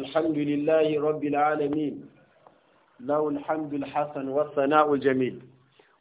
الحمد لله رب العالمين له الحمد الحسن والثناء الجميل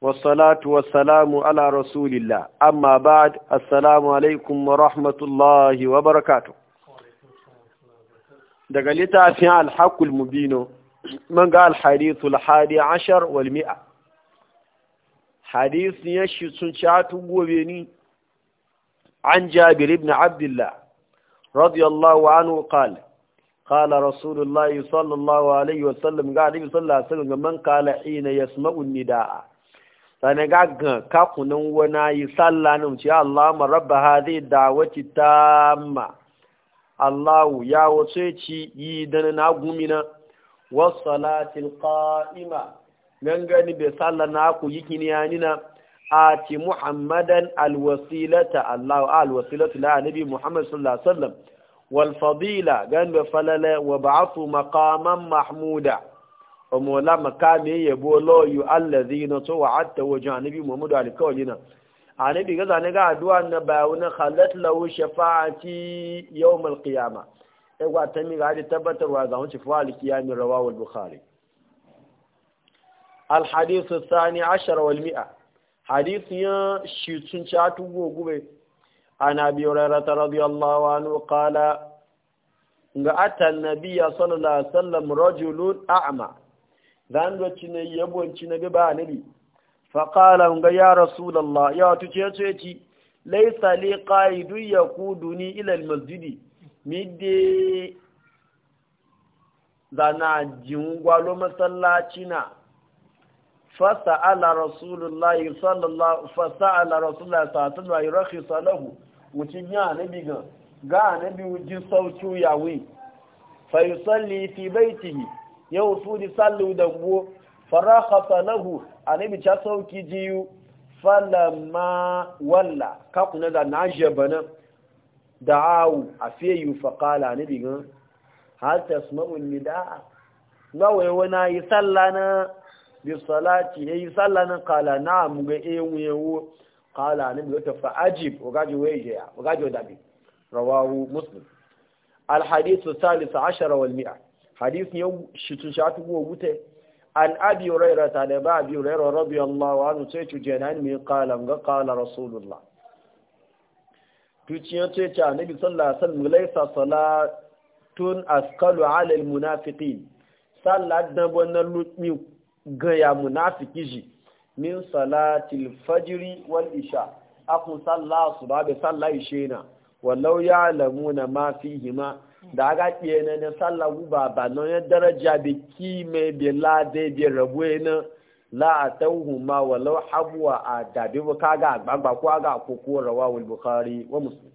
والصلاة والسلام على رسول الله أما بعد السلام عليكم ورحمة الله وبركاته دقلتا في الحق المبين من قال حديث الحادي عشر والمئة حديث يشي سنشات وبيني عن جابر بن عبد الله رضي الله عنه قال قال رسول الله صلى الله عليه وسلم قال النبي صلى الله عليه وسلم من قال حين يسمع النداء sani gaggan kakunan wana yi sallah nan ce Allah ma rabba hadi dawati tamma Allahu ya wace ci yi dan na gumina was salatil qa'ima nan gani be sallah na ku yiki ni anina ati muhammadan alwasilata Allahu alwasilatu la nabi muhammad sallallahu alaihi wasallam والفضيله قالوا فلل وبعثوا مقاما محمودا ومولا مقام يبو لو الذين توعدت وجانب محمد عليه كلنا عليه بغزا نغا ادوا ان باون خلت له شفاعتي يوم القيامه ايوا تمي غادي تبتر واغون شفاعه القيامة رواه البخاري الحديث الثاني عشر والمئة حديث يا شيتون شاتو غوغوي عن أبي هريرة رضي الله عنه قال أتى النبي صلى الله عليه وسلم رجل أعمى ذان وچنا يبو وچنا ببا فقال يا رسول الله يا تشيتشي ليس لي قائد يقودني إلى المسجد مدي zana jingwalo masallaci na fasa'ala rasulullahi sallallahu fasa'ala rasulullahi sallallahu alaihi wa sallam wuci ya anabi gan ga anabi wujin sauki yawi fa fi baitihi yau su di sallu da go farakhata lahu anabi ta sauki jiyu ma walla ka da najiya bana da'awu afiyu faqala anabi gan hal tasma'u nidaa nawaye wani yi na. bi salati yi na kala na mu ga ewu قال عن ابن يوتف فأجب وقاجي ويجي وقاجي ودابي رواه مسلم الحديث الثالث عشر والمئة حديث يوم شتشات وغوته عن أبي هريرة عن أبي هريرة رضي الله عنه تيتو جنان من قال قال رسول الله tuciyar ce ce annabi sallallahu alaihi wasallam laisa salatun askalu ala almunafiqin sallat da wannan lutmi ga ya munafiki ji min salatil fajiri wal isha akun sallah su ba bai sallah ishe na wallau ya lamu na ma fi hima da aga kiye na na sallah guba ba na ya daraja bi ki mai bi de bi rabu na la atawhu ma wallau habwa a dabi kaga agbagba ko aga koko rawa bukhari wa muslim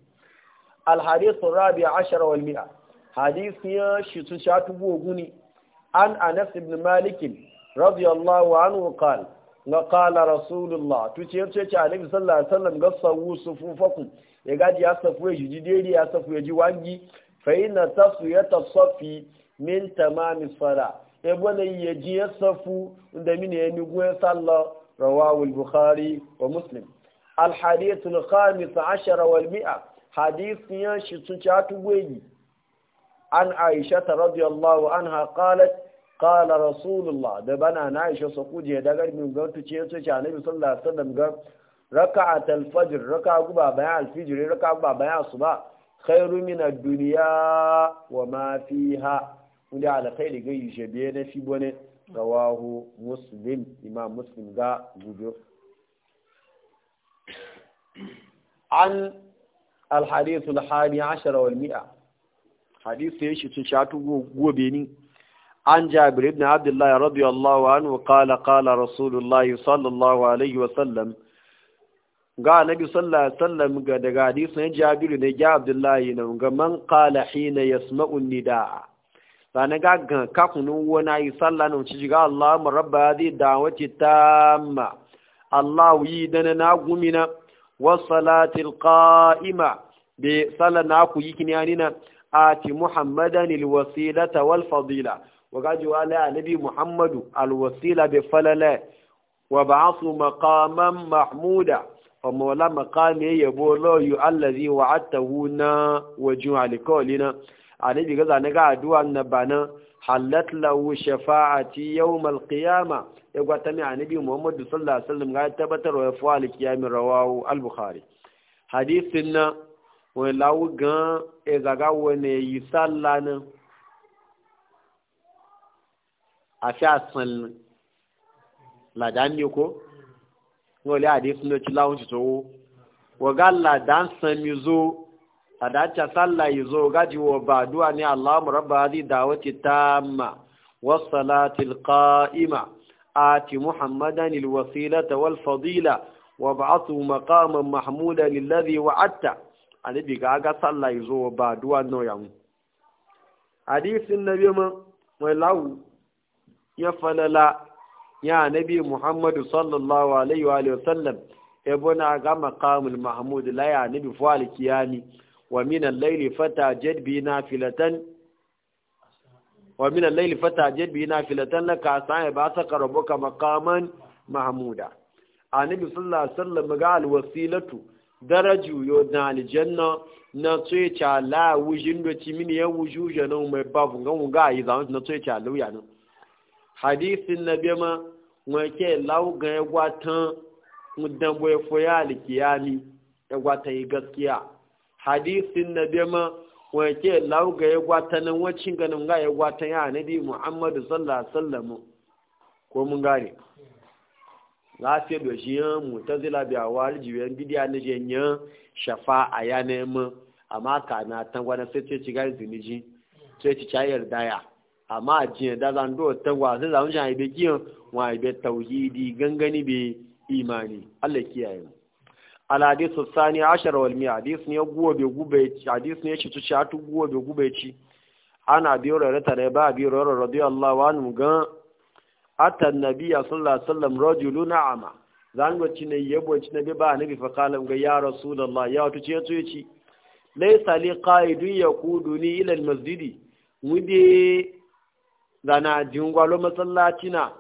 al hadith rabi ashar wal mi'a hadith ya shi shatu sha tubu oguni an anas ibn malik radiyallahu anhu qala na kala rasulullah tuciyar ce ce annabi sallallahu alaihi wasallam ga sawu sufufakum ya gaji ya safu ya ji dede ya safu ya ji wangi fa inna tasfiyata safi min tamamis sala e bona ya ji ya safu da min ya ni go sallah rawahu al-bukhari wa muslim al-hadith al-khamis 10 wal mi'a hadith ya shi tuci atu gweyi an aisha radiyallahu anha qalat qala rasulullah da bana na aisha su kuje da garbin gantu ce yace ce annabi sallallahu alaihi wasallam ga raka'at al-fajr raka guba bayan al-fajr raka guba bayan asuba khairu min ad-dunya wa ma fiha inda alkhairi ga biye na fi bone rawahu muslim imam muslim ga gudo an al-hadith al-hadi 10 wal 100 hadith yashi tun shatu gobe ni عن جابر بن عبد الله رضي الله عنه قال قال رسول الله صلى الله عليه وسلم ga nabi sallallahu alaihi wasallam ga daga hadisin Jabiru ne ga Abdullahi ne ga man qala hina yasma'u nidaa sana ga ga ka kunun wona yi sallah ne ci ga Allah mu rabba hadi da'wati tamma Allah yi dana na gumina wa salatil qa'ima bi sallah na ku yi kinyanina ati muhammadan al wasilata wal fadila وقاجي ولا نبي محمد الوسيلة بفللة وبعث مقاما محمودا فمولا مقام يبو الله الذي وعدتهنا وجوع لكولنا النبي قال أنا قاعد دوا النبانا حلت له شفاعتي يوم القيامة يقول تمي النبي محمد صلى الله عليه وسلم قال تبتر ويفوى لكيام رواه البخاري حديثنا ولو قان إذا قاوة يسالنا a fi asan ladan ne ko wale a dai sun da cilawun ci tsoho waga ladan sami zo ladan ta sallah yi zo gaji wa ba duwa ne allah mu rabba zai dawati ta ma wasalatil qa'ima ati muhammadan ilwasilata wal fadila wa ba'athu maqaman mahmudan alladhi wa'atta alibi ga ga sallah yi zo wa ba duwa no yamu hadisin nabi ma mai lawu ya falala ya nabi muhammadu sallallahu alaihi wa sallam ebona ga maqamul mahmud la ya nabi fali kiyami wa min al-layli fatajid bi nafilatan wa min al-layli fatajid bi nafilatan la ka sa'a ba ta karabuka maqaman mahmuda annabi sallallahu alaihi wasallam ga al-wasilatu daraju yo na aljanna na tsaya la wujin do ci min ya wujuje na mai babu ga mu ga yi zan na tsaya la wuya na hadisi na bema wake lauga ya gwatan mudambo ya foya alikiyami ya gwata yi gaskiya hadisin na bema wake lauga ya nan wacin ganin ga ya gwata ya nabi muhammadu sallallahu alaihi wasallam ko mun gane lafiyar da shi yan mutazila biya wari jibiyan bidiya na jenya shafa a yanayin mu amma kana tangwana sai ce ci gari zuniji sai ci cayar daya amma a cikin da zan do ta wasu zan shi haibe kiyon wa haibe tauhidi gangani be imani Allah kiyaye mu al hadisu sani ashar wal mi hadis ne guwa be gube hadis ne shi tuci atu guwa be gube ci ana biyo rare tare ba biyo rare radiyallahu anhu ga atta nabiyya sallallahu alaihi wasallam rajulun a'ma zango ci ne yabo ci ne ba nabi fa kalam ga ya rasulullah ya tuci ya tuci laysa li qaidun yaquduni ila al masjidi mude zana gwalo masallaci na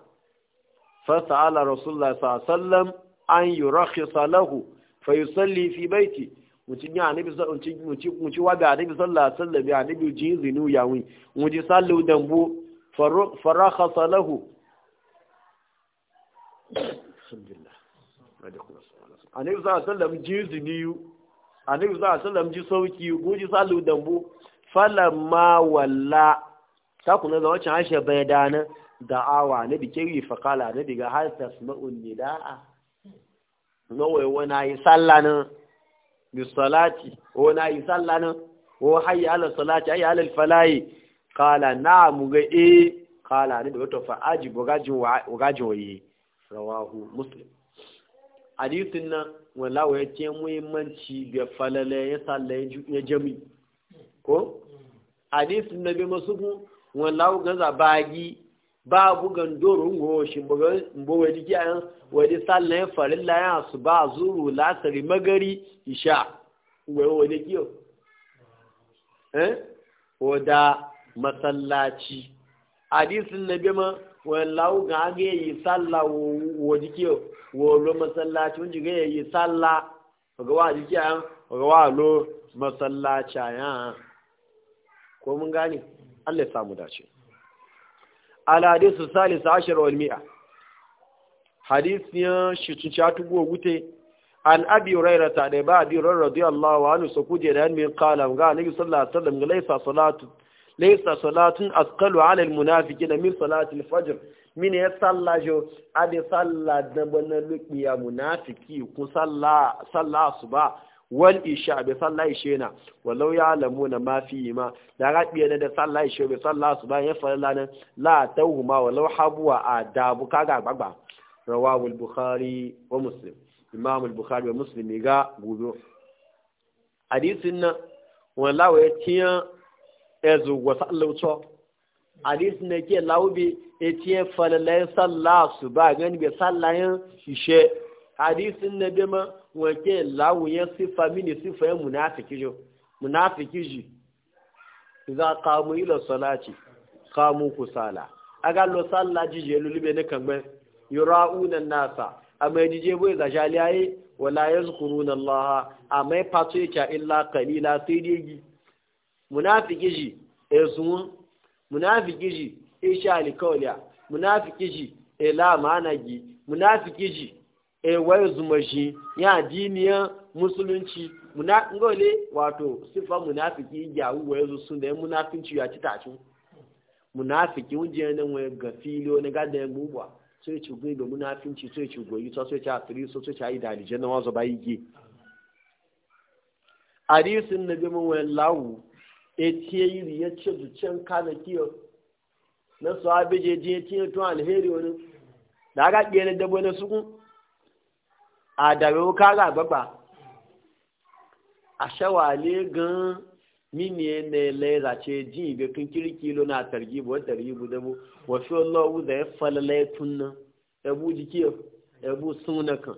fasa ala rasulullah sallam an yi rakhisa lahu fa fi baiti mutum ya anabi mutum wa da anabi sallallahu sallam ya anabi ji zinu ya wi muji sallu dambu farakhasa lahu salahu. anabi sallallahu sallam ji zinu anabi sallallahu sallam ji sauki guji sallu dambu falamma walla saku na zawacin hashe bai dana da'awa na bike yi fakala na diga har ta sma'un nida'a na wai wani yi sallah na bisalati wani yi sallah na wa hayya ala salati hayya ala falayi kala na mu ga e kala ne da wato fa aji bugajin waye rawahu muslim hadisin nan wallahi ya ce muhimmanci ga falale ya sallah ya jami ko hadisin nabi masu wallahu gaza bagi babu gandorin goshi mbo wadi ki an wadi sallan farilla 'yan su ba zuru lasari magari isha wai wadi kiyo eh wada masallaci hadisin nabi ma wallahu ga ga yi salla wadi kiyo wolo masallaci wani ga yi salla ga wadi ki an ga walo masallaci ya ko mun gane Allah ya samu dace al alhadisu salisa ashir wal mi'a hadisiyan shi tun cha tugo gute an abi hurairah ta da ba abi hurairah radiyallahu anhu so kuje da annabi qala ga annabi sallallahu alaihi wasallam laysa salatu laysa salatun asqalu ala al munafiqin min salati al fajr min ya sallajo ade salla da banan luqiya munafiki ku salla salla suba wal isha bi sallah ishe walau ya lamu na ma fi ma da rabiya na da sallah shena bi sallah su ya fara lana la tawhuma walau habwa a kaga gbagba rawahul bukhari wa muslim imam al-bukhari wa muslim ga gudu hadisin na walau ya tiya ezu wa to hadis ne ke laubi etiye falalai sallah su ba gani bi shi shishe hadisin na bema wake lawuye sifa mini sifa ya munafiki jo munafiki ji za qamu ila salati kamu kusala aga lo salla ji je libe ne kangbe yura'una nasa amma ji je boye za jali ayi wala yazkuruna allah amma patu ya illa qalila sai dai gi munafiki ji esun munafiki ji isha alikawliya munafiki ji ila managi munafiki ji ewar zumashi ya diniyar musulunci muna ngole wato sifa munafiki gyawu wa yanzu sun da yan munafinci ya ci tashin munafiki wujiyar nan wani ga filo na gada yan bubuwa sai ci gwi da munafinci sai ci goyi ta sai ci a so sai ci a yi dalijan na wazo bayi ge a risin na bi mun lawu e tiye yi ya ce zuciyan kaza kiyo na su abejeji ya tiye tun alheri wani da aka ƙiyar dabo na sukun àdàwẹ̀ ó kára àgbàgbà àṣẹwàlẹ́ gan-an mini ne lera ce ji ga kan kirki lona targibu wa targibu da mu wa fi Allah da ya falalai à abu jiki abu sunakan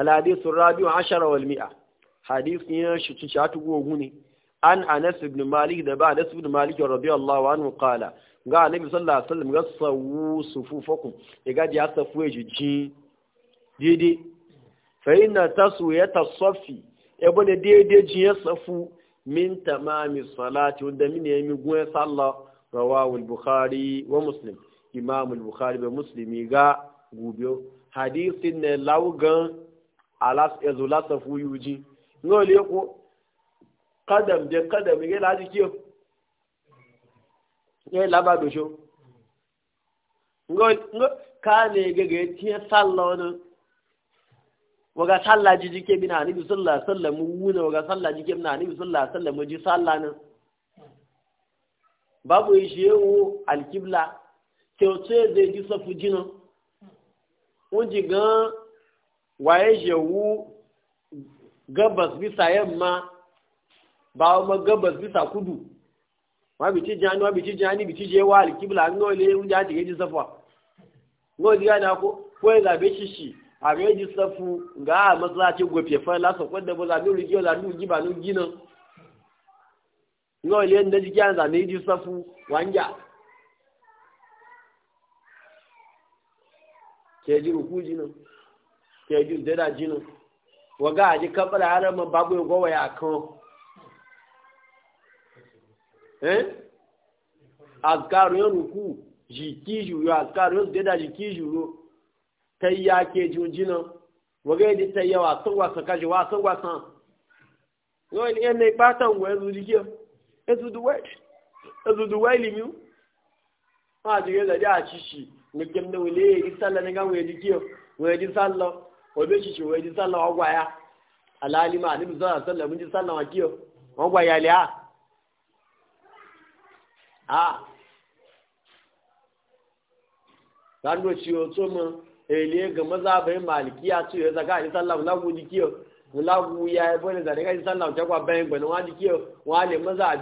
الحديث الرابع An والمئة حديث شتشات وغني عن أنس بن مالك دبا bí بن wa nù الله عنه قال قال النبي صلى الله عليه وسلم قصوا صفوفكم إذا جاء صفوه jìn daidai fa'in na tasu ya tasofi ya bane daidai ji ya safu min tamami salati wanda mini ya migu ya sallah rawawul bukhari wa muslim imamul bukhari da muslimi ga gubiyo hadisin na laugan ezula safu yuji ngole ko kadam je kadam ya laji ba ya sho dosho ngol ka ne gaga ya tiya sallah wani waga sallah ji jike bi na anabi sallallahu alaihi wasallam wuna waga sallah jike bi na anabi sallallahu alaihi wasallam ji sallah nan babu yi shi yewo alkibla kyauce zai ji safu jinan wunji gan waye shewu gabas bisa yamma ba ma gabas bisa kudu ma biti jani ma biti jani biti je wa alkibla an gole wunji a jige ji safa ngoli gana ko ko ya zabe shi shi a ga ji safu ga a matsalaci gwafe fa la sakon da ba za ni rigiyo za ni giba ni gina ngo ile nda ji kyan za ni ji safu wanja ke ji ruku ji no ke ji dada ji no wa ga ji kabara har ma babu go waya kan eh azkaru yo ruku ji ki ju yo azkaru yo dada ji ki ju kai ya ke junjinan wagai da ta yawa sun wasa kaji wa sun wasa yau ne yan na ipatan wa yanzu jike yanzu e duwai e limiyu ma jike da da a cishi nukem da wule ya e yi sallah na gan wa jike wa yi sallah wabe cishi wa yi sallah wa gwaya alalima a nufi sallah sallah mun ji sallah wa kiyo wa gwaya liya a Sando ciyo tsoman ele ga maza bai malikiya ce ya zaka ni sallam la gu dikiyo la gu ya e bone da ga sallam ta kwa bai gbon wa dikiyo wa le maza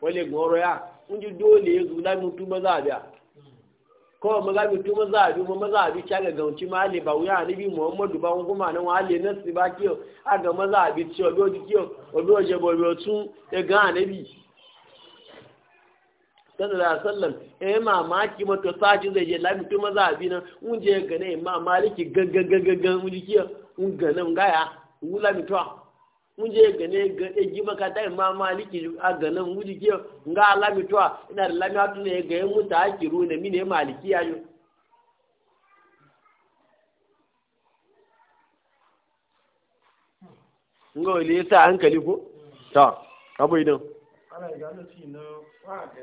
wale goro ya unji dole ya zula maza ko maza maza bi mu maza bi ga gauci mali ba wuya ni bi muhammadu ba kuma wa le nasi ba kiyo aga maza bi dikiyo bo bi e ga anabi sallallahu alaihi wasallam eh mamaki mato to saji zai je lami to maza abi nan mun je ga ne ma maliki gangan gangan mun jiya mun gane mun gaya mun lami to mun je gane ga ka dai ma maliki a gane mun jiya ga lami to ina da lami hatu ne ga mun ta hakiru ne mine maliki yayo ngo ile ta hankali ko ta abu idan ana ga na ci na fa ga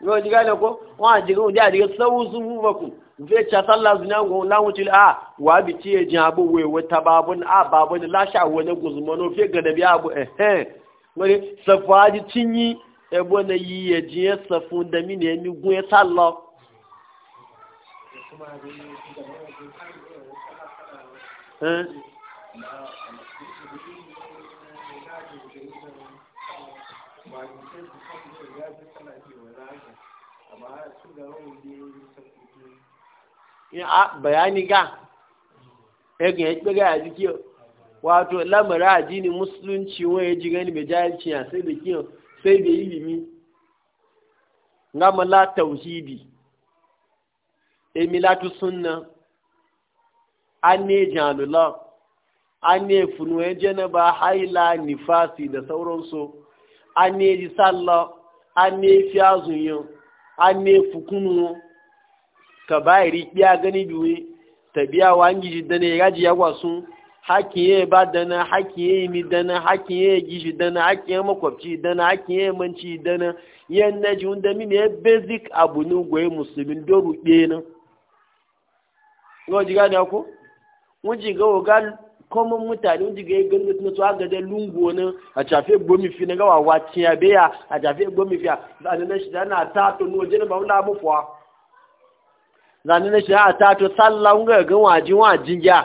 yau ji gane ko wa ji ga da daga sawu zubu baku ve cha sallah zuna go la wuti a ah, wa bi ci ji abu we wata babun ah, a babun lashe sha wani guzmano fe ga da biya abu eh eh wani safaji cinyi ebo na yi ya ji ya safu da mi ne mi gun ya e sallah eh bayani ga yakin eh, ya ƙi gaya jiki wato lamara jini musulunci wani ya ji gani mai jahilci ya sai da kiyo sai da ilimi gamala tauhidi emilatu sunna an ne jalula an ne funuwa janaba haila nifasi da sauransu aneji sallo anefi azunyo anefu kunu ka bayiri biya gani biwe tabiya dana jiddana ya gaji ya gwasu hakin ya ba dana hakin ya yi dana hakin ya gishi dana hakin ya makwabci dana hakin ya manci dana yan na ji wanda mini ya basic abu ne gwaye musulmin doru ɗaya na. Yau ji gani ako? Mun ji common mutane wanda ga ganga tun su aga da lungu ne a chafe gomi fi na gawa wacin ya beya a chafe gomi fi zanen nan shi da na ta to no jin ba wala mu fuwa da nan shi da na to sallah ga ga wajin wajin ya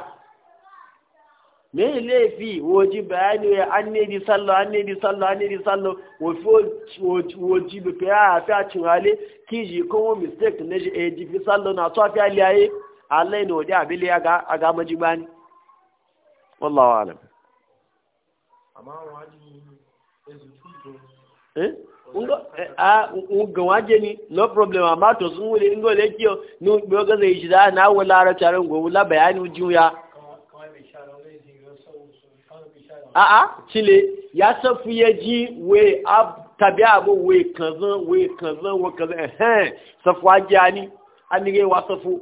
me lefi woji bayani ya an ne di sallah an ne di sallah an ne di sallah wofi woji bi ka ya fi a cin hali kiji kuma mistake na shi a ji fi sallah na so fi aliyaye Allah ne wadi abili ya ga majibani والله أعلم eh? ga eh, ah, waje ni no problem amma to sun wule ingo le kiyo no bo ga zai shi da na wala ra tarin go wala bayani juya a a chile ya safu ya ji we ab tabia abu we kanzan we kanzan we kanzan eh safu ajani anige wa safu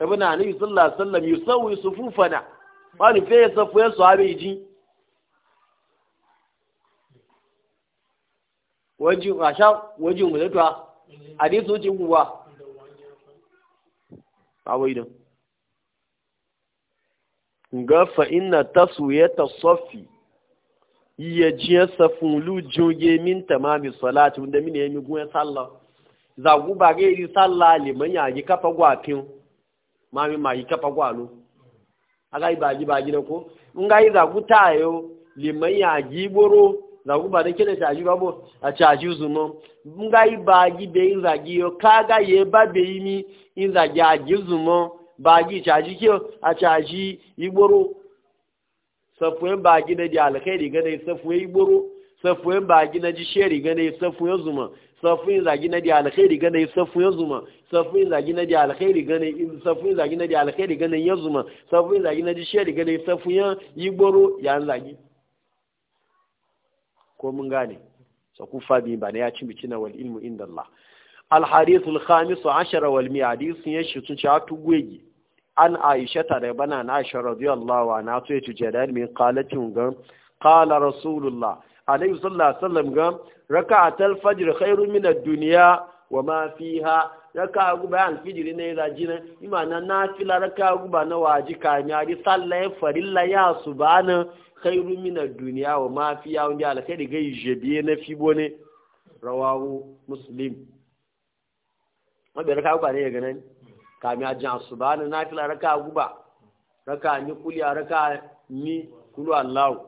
ibn anabi sallallahu alaihi wasallam yusawwi sufufana wani fe ya safu ya sahabe ji waji asha waji mu da tuwa hadisi wuce kuwa awai dan nga fa inna taswiyata safi iya jiya safun lu joge min tamami salati wanda min yemi gun sallah zagu ba ga yi sallah kafa gwafin mami ma yi kafa gwalo aga yi baji baji na ko Nga ga yi zagu tayo liman ya giboro zagu ba da kina caji babo a caji zumo in Nga yi baji be za giyo kaga ye ba be yi mi in zagi a gi zumo baji caji ke a caji iboro safuyen baji na di alkhairi safu dai safuyen iboro safuyen baji na ji sheri ga safu safuyen zuma safin zagi na da alkhairi gane safin ya zuma safin zagi na da alkhairi gane safin zagi na da alkhairi gane ya zuma safin zagi na gane safin ya yi gboro ya zagi ko mun gane saku fabi ba ne ya ci bicina wal ilmu inda Allah الحديث الخامس عشر والمئة حديث يشتن شعاتو قوي عن na ربنا عن عائشة رضي الله عنها تجدان من قالت قال رسول الله alaihi sallallahu alaihi wasallam ga raka'atul fajr khairu min ad-dunya wa ma fiha raka guba al fajr ne da jina imana nafila raka guba na waji kanya ri sallah farilla ya subhana khairu min ad wa ma fiha wanda alkhairi ga jibiye na fibone rawahu muslim wanda raka guba ne ga nan kamiya jan subhana nafila raka guba raka ni kuliya raka ni kulu allah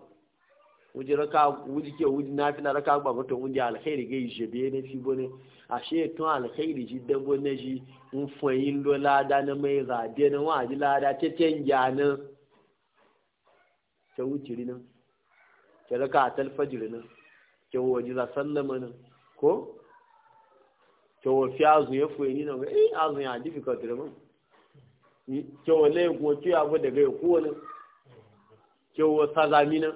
wuji raka wuji ke wuji na fi na raka ba mutu wuji alkhairi ga yi shebe ne fi bone a she to alkhairi shi dan bone shi in fayin lo lada na mai zabe na waji lada ta tenya na ta ri rina ta raka tal fajr na ta waji za sallama na ko wa fi azu ya fuyi ni na ga eh azu ya difficult da mun ta wale ko ta abu daga ko ne ta wa na?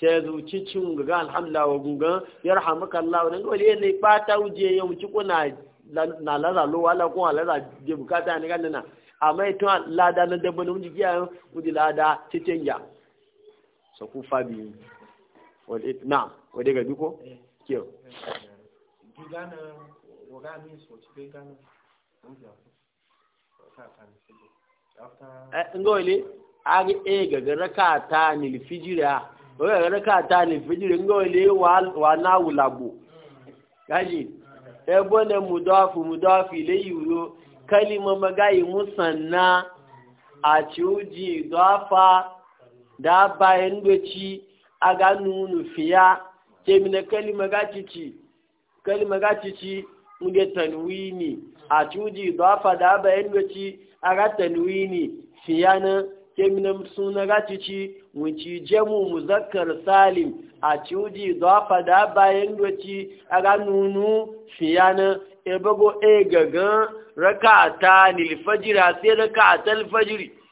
ce zuci cin gaga alhamdulillah wa gungan ya rahamuka Allah wani wale ne fata wuje ya wuci ko na na laza lo wala ko laza je bukata ne kan na amma to lada na dabba ne wuje kiyaye wuje lada cikin eh. eh, ya so ku fabi wale na wale ga duko kiyo gana waga mi so ci gana ngoli age e gaga rakata nil fijira orí ẹ̀rẹ́ káàtà ní fìdíre ńgọ́ ilé wà náwù làgbò gáyì ẹgbọ́n ní mùdọ́fù mùdọ́fù ilé ìwúrò kẹ́lí mọ́mọ́ gáyì mùsànnà àti ojì ìdọ́fà dábà ẹnudọ́tì agánúnú fìyà tẹ̀mínà kẹ́lí mọ́gá títì kẹ́lí mọ́gá títì ńdẹ tẹ̀nuwíìnì àti ojì ìdọ́fà dábà aga agátẹ̀nuwíìnì fìyà náà. kemina suna gacici wuci jemu muzakkar salim a ciwuji zafa da bayan doci a siyana fiyana ebago e gagan raka ta nilfajira sai raka ta fajiri.